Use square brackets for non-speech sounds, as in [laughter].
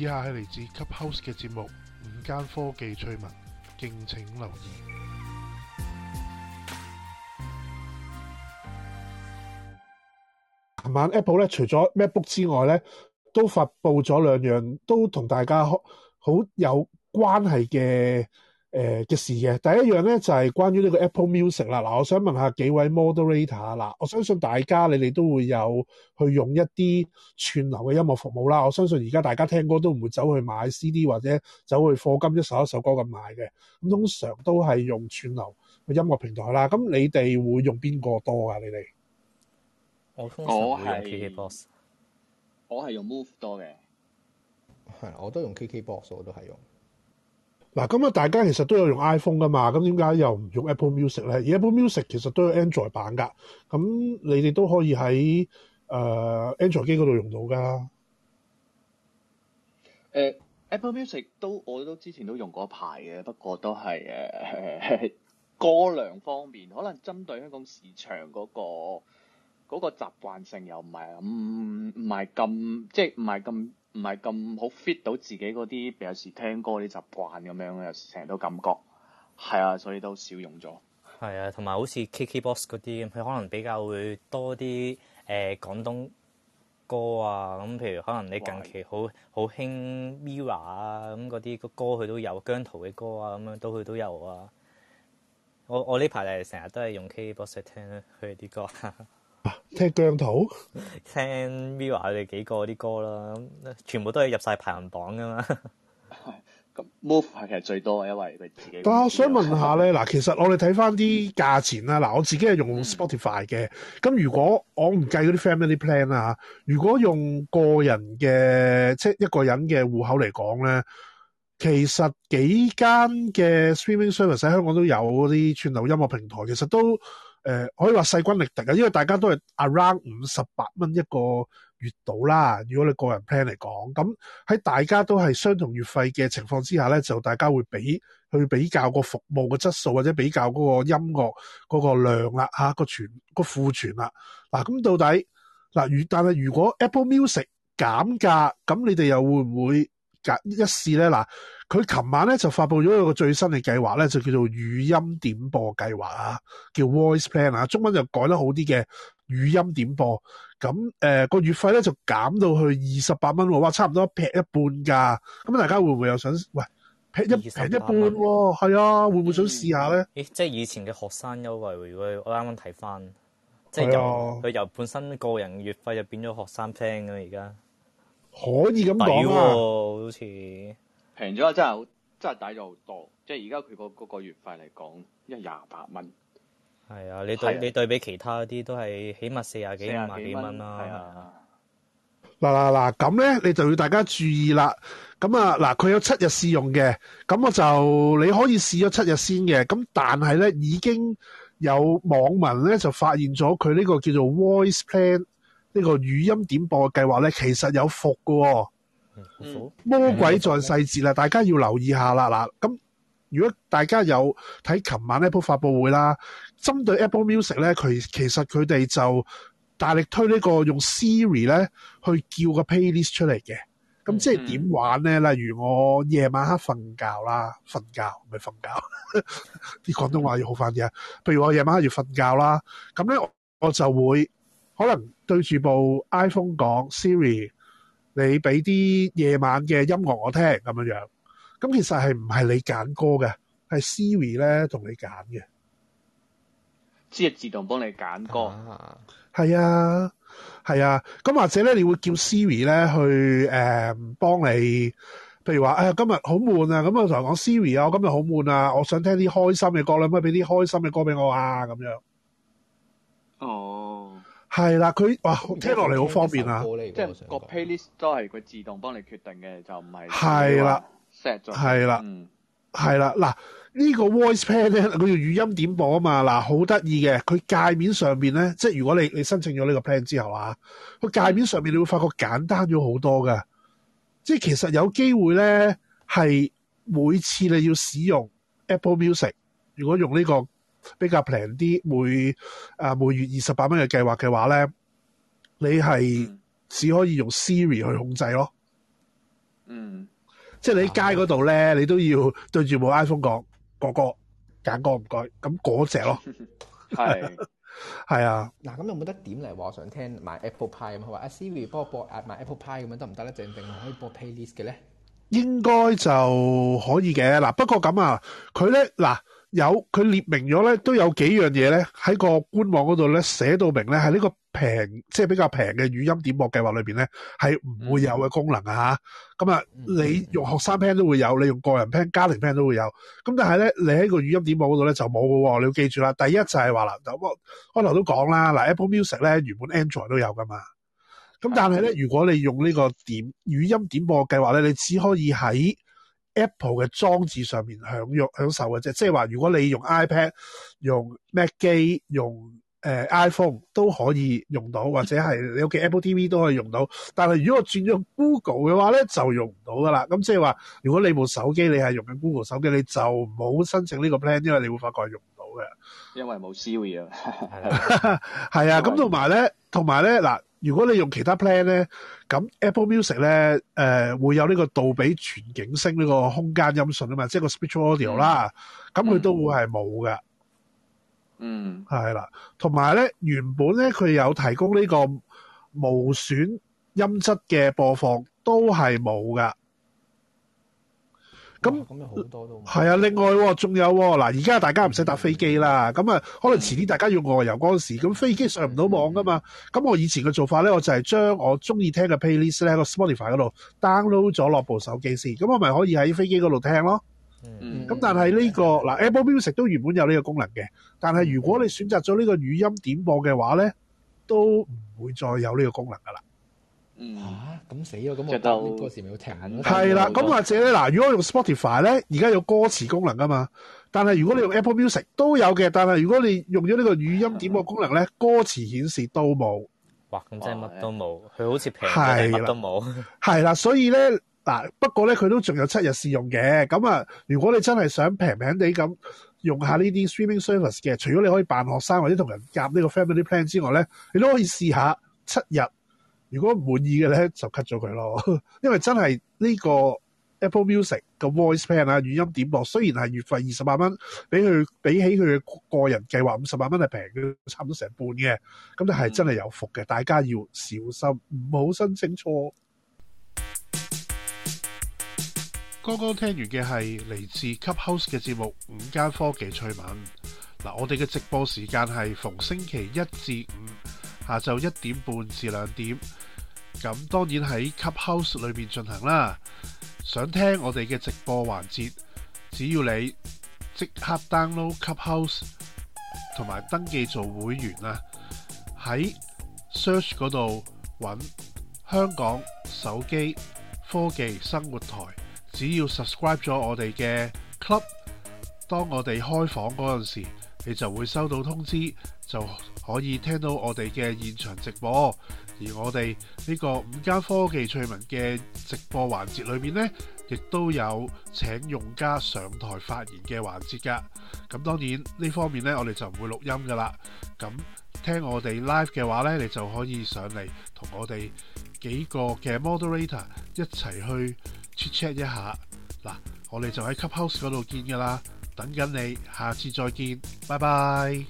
以下係嚟自《Clubhouse》嘅節目《五間科技趣聞》，敬請留意。琴晚 Apple 咧，除咗 MacBook 之外咧，都發佈咗兩樣都同大家好有關係嘅。誒嘅事嘅，第一樣咧就係、是、關於呢個 Apple Music 啦。嗱，我想問下幾位 Moderator 啦，嗱，我相信大家你哋都會有去用一啲串流嘅音樂服務啦。我相信而家大家聽歌都唔會走去買 CD 或者走去課金一首一首歌咁買嘅，咁通常都係用串流音樂平台啦。咁你哋會用邊個多啊？你哋我通常我係 KKBox 我係用 Move 多嘅，係，我都用 KKBox，我都係用。嗱，咁啊，大家其實都有用 iPhone 噶嘛，咁點解又唔用 Apple Music 咧？而 Apple Music 其實都有 Android 版噶，咁你哋都可以喺、呃、Android 機嗰度用到噶。Uh, Apple Music 都我都之前都用過一排嘅，不過都係誒、uh, [laughs] 歌量方面，可能針對香港市場嗰、嗰個嗰個習慣性又唔係咁，唔、嗯、咁，即係唔係咁。就是唔係咁好 fit 到自己嗰啲，有時聽歌啲習慣咁樣有時成日都感覺，係啊，所以都少用咗。係啊，同埋好似 KKBOX 嗰啲，佢可能比較會多啲誒、呃、廣東歌啊。咁譬如可能你近期好好興 Mirror 啊，咁嗰啲歌佢都有，姜濤嘅歌啊，咁樣都佢都有啊。我我呢排係成日都係用 KKBOX 嚟聽啊，佢啲歌。 [laughs] 聽姜濤，聽 MIRROR 佢哋幾個啲歌啦，全部都係入晒排行榜噶嘛。咁 Move 係其實最多，因為佢自己。但我想問下咧，嗱，其實我哋睇翻啲價錢啦，嗱，我自己係用 Spotify 嘅。咁 [laughs] 如果我唔計嗰啲 Family Plan 啦，如果用個人嘅，即係一個人嘅戶口嚟講咧，其實幾間嘅 Streaming Service 喺香港都有啲串流音樂平台，其實都。誒、呃，可以話勢均力敵啊，因為大家都係 around 五十八蚊一個月度啦。如果你個人 plan 嚟講，咁喺大家都係相同月費嘅情況之下咧，就大家會比去比較個服務嘅質素，或者比較個音樂嗰、那個量啦、啊，吓、啊、個存個庫存啦。嗱、啊，咁到底嗱、啊，但係如果 Apple Music 減價，咁你哋又會唔會？一試咧嗱，佢琴晚咧就發布咗一個最新嘅計劃咧，就叫做語音點播計劃啊，叫 Voice Plan 啊，中文就改得好啲嘅語音點播。咁誒個月費咧就減到去二十八蚊喎，哇，差唔多劈一半㗎。咁大家會唔會又想？喂，劈一劈一半喎、哦，係啊，會唔會想試一下咧、嗯？咦，即係以前嘅學生優惠喎？如果我啱啱睇翻，即係由佢、啊、由本身個人月費就變咗學生 plan 㗎嘛，而家。可以咁講啊，好似平咗真係好，真係抵咗好多。即係而家佢個嗰個月費嚟講，一廿八蚊。係啊，你對、啊、你對比其他啲都係起碼四廿幾、四十幾五廿幾蚊、啊、啦，啦。嗱嗱嗱，咁咧你就要大家注意啦。咁啊，嗱，佢有七日試用嘅，咁我就你可以試咗七日先嘅。咁但係咧，已經有網民咧就發現咗佢呢個叫做 Voice Plan。呢、這個語音點播嘅計劃咧，其實有伏嘅、哦，魔鬼在細節啦、嗯，大家要留意一下啦嗱。咁如果大家有睇琴晚 Apple 發佈會啦，針對 Apple Music 咧，佢其實佢哋就大力推呢個用 Siri 咧去叫個 playlist 出嚟嘅。咁即係點玩咧？例如我夜晚黑瞓覺啦，瞓覺咪瞓覺。啲廣 [laughs] 東話要好翻啲啊！譬如我夜晚黑要瞓覺啦，咁咧我就會。可能對住部 iPhone 講 Siri，你俾啲夜晚嘅音樂我聽咁樣樣，咁其實係唔係你揀歌嘅，係 Siri 咧同你揀嘅，即係自動幫你揀歌。係啊，係啊。咁、啊、或者咧，你會叫 Siri 咧去誒、嗯、幫你，譬如話誒、哎、今日好悶啊，咁我同佢講 Siri 啊，我今日好悶啊，我想聽啲開心嘅歌啦，可以俾啲開心嘅歌俾我啊，咁樣哦。係啦，佢哇，聽落嚟好方便啊！即係、就是、個 playlist 都係佢自動幫你決定嘅，就唔係 set 咗。係啦，係、嗯、啦，嗱，呢、這個 voice plan 咧，佢叫語音點播啊嘛，嗱，好得意嘅。佢界面上面咧，即係如果你你申請咗呢個 plan 之後啊，佢界面上面你會發覺簡單咗好多㗎。即係其實有機會咧，係每次你要使用 Apple Music，如果用呢、這個。比較平啲，每啊每月二十八蚊嘅計劃嘅話咧，你係只可以用 Siri 去控制咯。嗯，即係你喺街嗰度咧，你都要對住部 iPhone 講個個揀個唔該，咁嗰隻咯。係 [laughs] 係 [laughs] 是 [laughs] 啊。嗱、啊，咁有冇得點嚟話想聽買 Apple Pie 咁啊？阿 Siri 幫我播買 Apple Pie 咁樣得唔得咧？定定可以播 playlist 嘅咧？應該就可以嘅。嗱、啊，不過咁啊，佢咧嗱。啊有佢列明咗咧，都有幾樣嘢咧喺個官網嗰度咧寫到明咧，喺呢個平即係比較平嘅語音點播計劃裏邊咧，係唔會有嘅功能、嗯、啊吓。咁、嗯、啊，你用學生 plan 都會有，你用個人 plan、家庭 plan 都會有。咁但係咧，你喺個語音點播嗰度咧就冇喎。你要記住啦，第一就係話啦，我開頭都講啦，嗱，Apple Music 咧原本 Android 都有噶嘛。咁但係咧、嗯，如果你用呢個點語音點播計劃咧，你只可以喺。Apple 嘅裝置上面享用享受嘅啫，即係話如果你用 iPad、用 Mac 機、用 iPhone 都可以用到，或者係你屋企 Apple TV 都可以用到。但係如果我轉咗 Google 嘅話咧，就用唔到噶啦。咁即係話，如果你部手機你係用緊 Google 手機，你就唔好申請呢個 plan，因為你會發覺用唔到嘅。因為冇 Siri。係 [laughs] [laughs] 啊，咁同埋咧。同埋咧嗱，如果你用其他 plan 咧，咁 Apple Music 咧，誒、呃、會有呢個杜比全景聲呢個空間音訊啊嘛，即係個 Spatial Audio 啦，咁、嗯、佢都會係冇嘅。嗯，係啦。同埋咧，原本咧佢有提供呢個無損音質嘅播放，都係冇嘅。咁好多都係啊！另外仲、啊、有嗱、啊，而家大家唔使搭飛機啦，咁、嗯、啊可能遲啲大家要外遊嗰陣時，咁、嗯、飛機上唔到網噶嘛。咁、嗯、我以前嘅做法咧，我就係將我中意聽嘅 playlist 喺個 Spotify 嗰度 download 咗落部手機先，咁我咪可以喺飛機嗰度聽咯。嗯咁但係呢、呢個嗱、嗯嗯嗯啊、Apple Music 都原本有呢個功能嘅，但係如果你選擇咗呢個語音點播嘅話咧，都唔會再有呢個功能噶啦。吓、嗯、咁、啊、死咯，咁我到嗰、這個、時咪要停咯，係啦，咁或者咧嗱，如果用 Spotify 咧，而家有歌詞功能㗎嘛？但係如果你用 Apple Music 都有嘅，但係如果你用咗呢個語音點播功能咧、嗯，歌詞顯示都冇。哇！咁即係乜都冇，佢好似平，乜都冇。係啦，所以咧嗱，不過咧佢都仲有七日試用嘅。咁啊，如果你真係想平平地咁用下呢啲 streaming service 嘅，除咗你可以扮學生或者同人夾呢個 family plan 之外咧，你都可以試下七日。如果唔滿意嘅咧，就 cut 咗佢咯。 [laughs] 因為真係呢個 Apple Music 個 Voice Plan 啊，語音點播，雖然係月費二十八蚊，比佢比起佢個人計劃五十八蚊係平嘅，差唔多成半嘅。咁就係真係有伏嘅、嗯，大家要小心，唔好申請錯。剛剛聽完嘅係嚟自 Clubhouse 嘅節目《五間科技趣聞》。嗱，我哋嘅直播時間係逢星期一至五，下晝一點半至兩點，咁當然喺 Clubhouse 裏面進行啦。想聽我哋嘅直播環節，只要你即刻 download Clubhouse 同埋登記做會員啊。喺 search 嗰度揾香港手機科技生活台，只要 subscribe 咗我哋嘅 club，當我哋開房嗰陣時，你就會收到通知，就可以聽到我哋嘅現場直播。而我哋呢個五家科技趣聞嘅直播環節裏面呢，亦都有請用家上台發言嘅環節㗎。咁當然呢方面呢，我哋就唔會錄音㗎啦。咁聽我哋 live 嘅話呢，你就可以上嚟同我哋幾個嘅 moderator 一齊去 check check 一下。嗱，我哋就喺 Clubhouse 嗰度見㗎啦。等緊你，下次再見，拜拜。